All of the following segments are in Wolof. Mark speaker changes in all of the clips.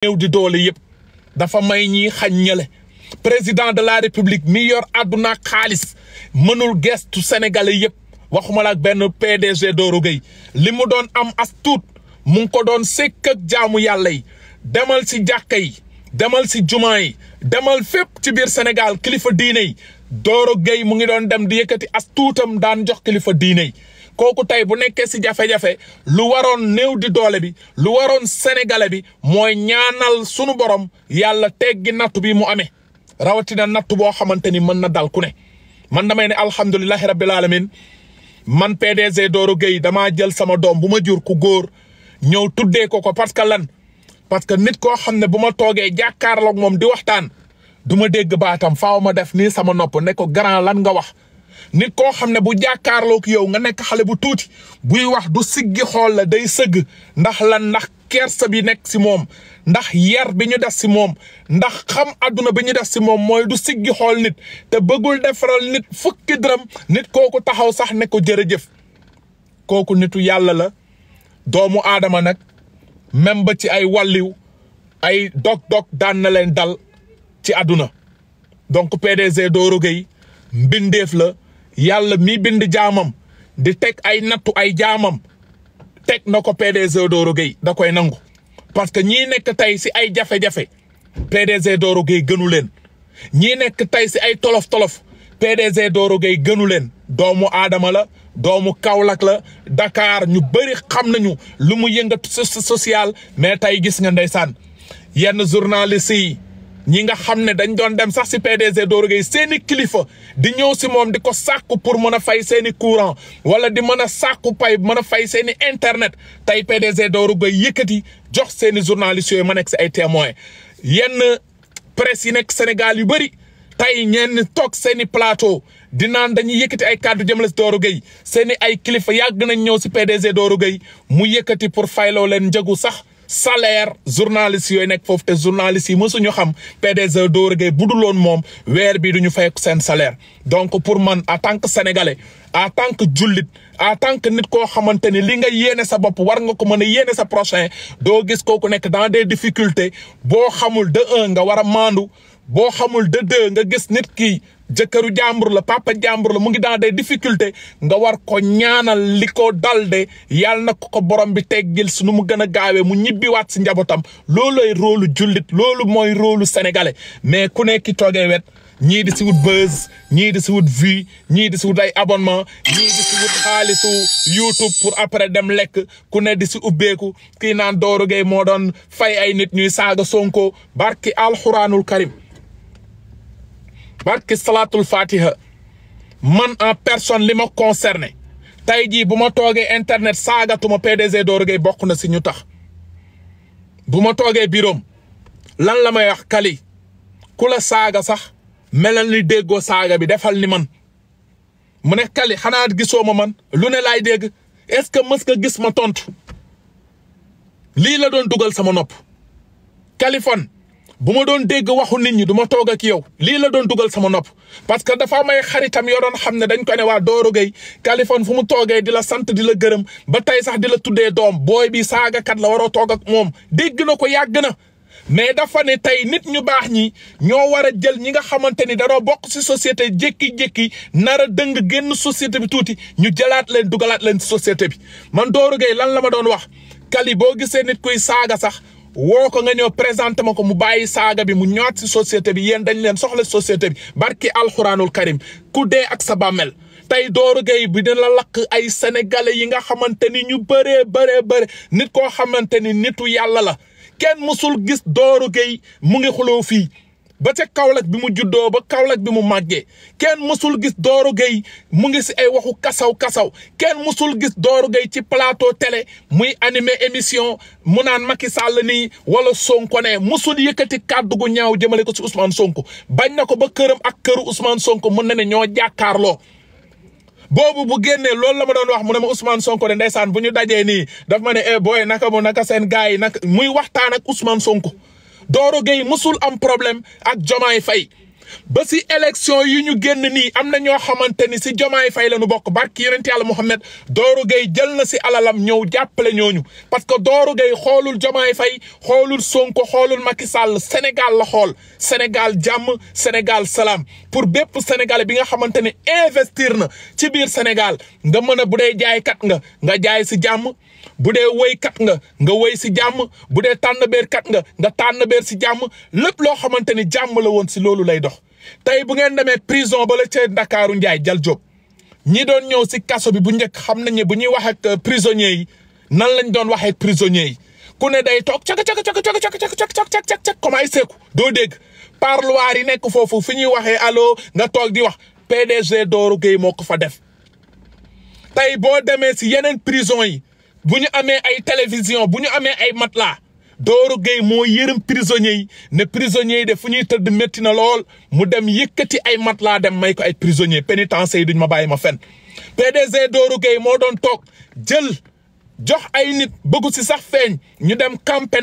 Speaker 1: néew di doole yëpp dafa may ñiy xañ président de la république mi yor àdduna xaalis mënul gestu sénégalais yëpp waxuma ak benn PDG Doro Gueye li mu doon am as tuut mu ngi ko doon sekk jaamu yàlla yi demal si jàkka yi demal si jumaa yi demal fépp ci biir Sénégal kilifa diine yi dooro Gueye mu ngi doon dem di yëkkati as tuutam daan jox kilifa diine yi kooku tey bu nekkee si jafe-jafe lu waroon néew di doole bi lu waroon sénégalais bi mooy ñaanal sunu borom yàlla teggi nattu bi mu amee rawatina nattu boo xamante ni mën na dal ku ne man may ne alhamdulilahi rabbil alamin man PDG Doro Gueye damaa jël sama doom bu ma jur ku góor ñëw tuddee ko ko parce que lan parce que nit koo xam ne bu ma toogee jàkkaarloog moom di waxtaan du ma dégg baatam faaw ma def nii sama nopp ne ko grand lan nga wax nit koo xam ne bu jàkkaarlook yow nga nekk xale bu tuuti buy wax du siggi xool la day sëgg ndax lan ndax kersa bi nekk si moom ndax yar bi ñu des si moom ndax xam àdduna bi ñu def si moom mooy du siggi xool nit te bëggul defaral nit fukki dërëm nit kooku taxaw sax ne ko jërëjëf kooku nitu yàlla la doomu aadama nag même ba ci ay walliw ay dog-dog daan na leen dal ci àdduna donc PDG Doro Gueye mbindeef la yàlla mi bind jaamam di teg ay nattu ay jaamam teg na ko PDG Doro Gueye da koy nangu parce que ñii nekk tey si ay jafe-jafe PDG Doro Gueye gënu leen ñii nekk tey si ay tolof-tolof PDG Doro Gueye gënu leen doomu aadama la doomu Kaolack la dakaar ñu bëri xam nañu lu mu yëngatu social mais tey gis nga ndeysaan yenn journaliste yi ñi nga xam ne dañ doon dem sax si PDG Doro Gueye seen i kilifa di ñëw si moom di ko sàkku pour mën a fay seeni i courant wala di mën a sàkku pay mën a fay seen i internet tey PDG dooru Gueye yëkkati jox seen i journalistes yooyu ma nekk si ay témoins yenn presse yi nekk Sénégal yu bëri tey ñenn toog seen i plateau di naan dañuy yëkkati ay kàddu jëmale si Doro Gueye seen ay kilifa yàgg nañ ñëw si PDG Doro Gueye mu yëkkati pour fayloo leen njëgu sax salaire journaliste yooyu nekk foofu te journaliste yi suñu xam PDG Doro Gueye bu dul moom weer bi duñu ñu fay seen salaire donc pour man en tant que sénégalais en tant que jullit en tant que nit koo xamante ni li nga yéene sa bopp war nga ko mën a yéene sa prochain doo gis kooku nekk dans des difficultés boo xamul de un nga war a maandu boo xamul de deux nga gis nit ki jëkkëru jàmbur la papa jàmbur la mu ngi dans des difficultés nga war ko ñaanal li ko dalde de yàlla na ko ko borom bi teggil su nu mu gën a gaawee mu ñibbiwaat si njabootam loolooy rôlu jullit loolu mooy rôlu sénégalais mais ku nekki toogee wet ñii di si wut buzz ñii di si wut vue ñii di si wut ay abonnement ñii di si wut xaalisu YouTube pour après dem lekk ku ne di si ubbeeku kii naan Doro Gueye moo doon fay ay nit ñuy saaga Sonko barki alxuraanul karim barki salaatul fatiha man en personne li ma concerné tey jii bu ma toogee internet saagatuma PDG Doro gay bokk na si ñu tax bu ma toogee biroom lan la may wax kali ku la saaga sax melal li déggoo saaga bi defal ni man mu ne kali xanaa gisoo ma man lu ne laay dégg est-ce que mës nga gis ma tontu lii la doon dugal sama nopp Kaliphone bu ma doon dégg waxu nit ñi du ma toog ak yow lii la doon dugal sama nopp parce que dafa may xaritam yoo doon xam ne dañ ko ne waa Doro Gueye Kaliphone fu mu toogee di la sant di la gërëm ba tey sax di la tuddee doom booy bi kat la waroo toog ak moom dégg na ko yàgg na. mais dafa ne tey nit ñu baax ñi ñoo war a jël ñi nga xamante ni danoo bokk si société jékki-jékki nar a dëng génn société bi tuuti ñu jëlaat leen dugalaat leen ci société bi man Doro lan la ma doon wax Kali boo gisee nit kuy saaga sax. woo ko nga ñëw présenté ma ko mu bàyyi saaga bi mu ñaat si société bi yéen dañu leen soxla société bi barki alxuraanul karim ku dee ak sa bàmmeel tey dooru Gueye bi dina la lakk ay sénégalais yi nga xamante ni ñu bëree bëree bëri nit koo xamante ni nitu yàlla la kenn mësul gis Doro Gueye mu ngi xuloo fii ba ca Kaolack bi mu juddoo ba Kaolack bi mu màggee kenn mësul gis dooru Gueye mu ngi si ay waxu kasaw kasaw kenn mësul gis Doro Gueye ci plateau tele muy animé émission mu naan Macky sàll nii wala Sonko ne mësul yëkkati kàddu gu ñaaw jëmale ko si usmaan Sonko bañ na ko ba këram ak këru usmaan Sonko mën na ne ñoo jàkkaarloo. boobu bu génnee loolu la ma doon wax mu ne ma Ousmane Sonko de ndeysaan bu ñu dajee nii daf ma ne eh booy naka mu naka seen gars yi naka muy waxtaan ak Ousmane Sonko. Doro Gueye musul am problème ak Jomaay Fay ba si élection yi ñu génn nii am na ñoo xamante ni si Jomaay Fay la ñu bokk barki yonent yàlla Mouhamed Doro Gueye jël na si alalam ñëw jàppale ñooñu parce que Doro Gueye xoolul Jomaay Fay xoolul Sonko xoolul Macky Sall Sénégal la xool Sénégal jàmm Sénégal salaam pour bépp sénégalais bi nga xamante ne investir na ci biir Sénégal nga mën bu dee jaaykat nga nga jaay si jàmm. bu dee woykat nga nga woy si jàmm bu dee tànn beer nga nga tànn beer si jàmm lépp loo xamante ni jàmm la woon si loolu lay dox. tey bu ngeen demee prison ba la ca Ndakaaru Njaay Jal jóg ñi doon ñëw si kaso bi bu njëkk xam nañu bu ñuy wax ak prisonniers yi nan lañ doon waxee prisonniers yi ku ne day toog caka caka caka caka caka caka caka caka comme ay seeku doo dégg parloir yi nekk foofu fi ñuy waxee allo nga toog di wax PDG Doro Gueye moo ko fa def. tey boo demee si yeneen prison yi bu ñu amee ay télévision bu ñu amee ay matelas Doro Gueye moo yërëm prisonniers yi ne prisonniers yi de fu ñuy tëdd métti na lool mu dem yëkkati ay matelas dem may ko ay prisonniers pénitencier yi duñ ma bàyyi ma fen PDG Doro Gueye moo doon toog jël jox ay nit bëggu si sax feeñ ñu dem camp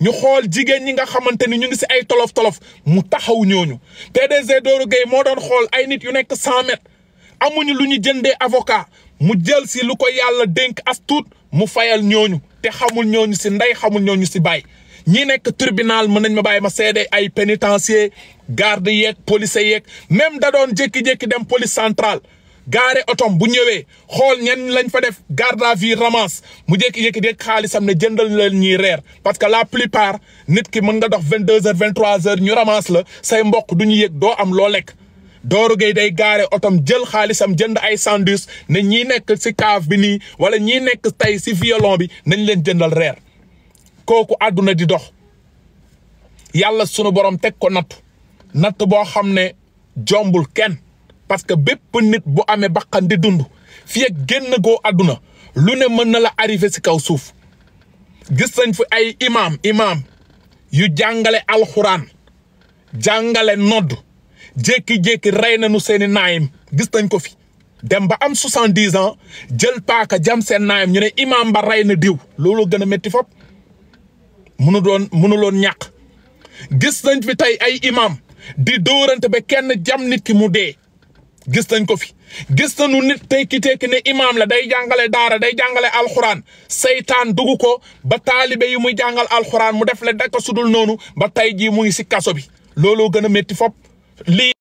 Speaker 1: ñu xool jigéen ñi nga xamante ni ñu ngi si ay tolof tolof mu taxaw ñooñu PDG Doro Gueye moo doon xool ay nit yu nekk cent amuñu lu ñu jëndee avocat mu jël si lu ko yàlla dénk as tuut mu fayal ñooñu te xamul ñooñu si ndey xamul ñooñu si baay ñii nekk tribinal mën nañ ma baay ma seede ay pénitencier garde yeeg policier yeeg même da doon jékki-jékki dem police centrale gaare otom bu ñëwee xool ñenn lañ fa def garde à vue ramasse mu jékki-jékki dégg xaalisam ne jëndal leen ñuy reer parce que la plupart nit ki mën nga dox vingt deux heures vingt trois ñu ramasse la say mbokk du ñu yëg doo am loo lekk Doro Gueye day gaare otoom jël xaalisam jënd ay sandwich ne ñi nekk si kaaf bi nii wala ñi nekk tey si violon bi nañ leen jëndal reer kooku àdduna di dox yàlla sunu borom teg ko natt natt boo xam ne jombul kenn parce que bépp nit bu amee baqandi dund fi ak génn goo àdduna lu ne mën na la arrivé si kaw suuf gis nañ fi ay imaam imaam yu jàngale alxuraan jàngale nodd jékki-jékki rey nañu seeni naayim gis nañ ko fi dem ba am soixante-dix ans jël paaka jam seen naayam ñu ne imaam ba rey na diw looloo gën a métti fop munu doon munu loon ñàkk gis nañ fi tey ay imaam di dóorante ba kenn jam nit ki mu dee gis nañ ko fi gis nañu nit tekki-tekki ne imaam la day jàngale daara day jàngale alxuraan seytaan dugg ko ba taalibe yi muy jàngal alxuraan mu def le daka sudul noonu ba tey jii muy si kaso bi looloo gën a métti fop lii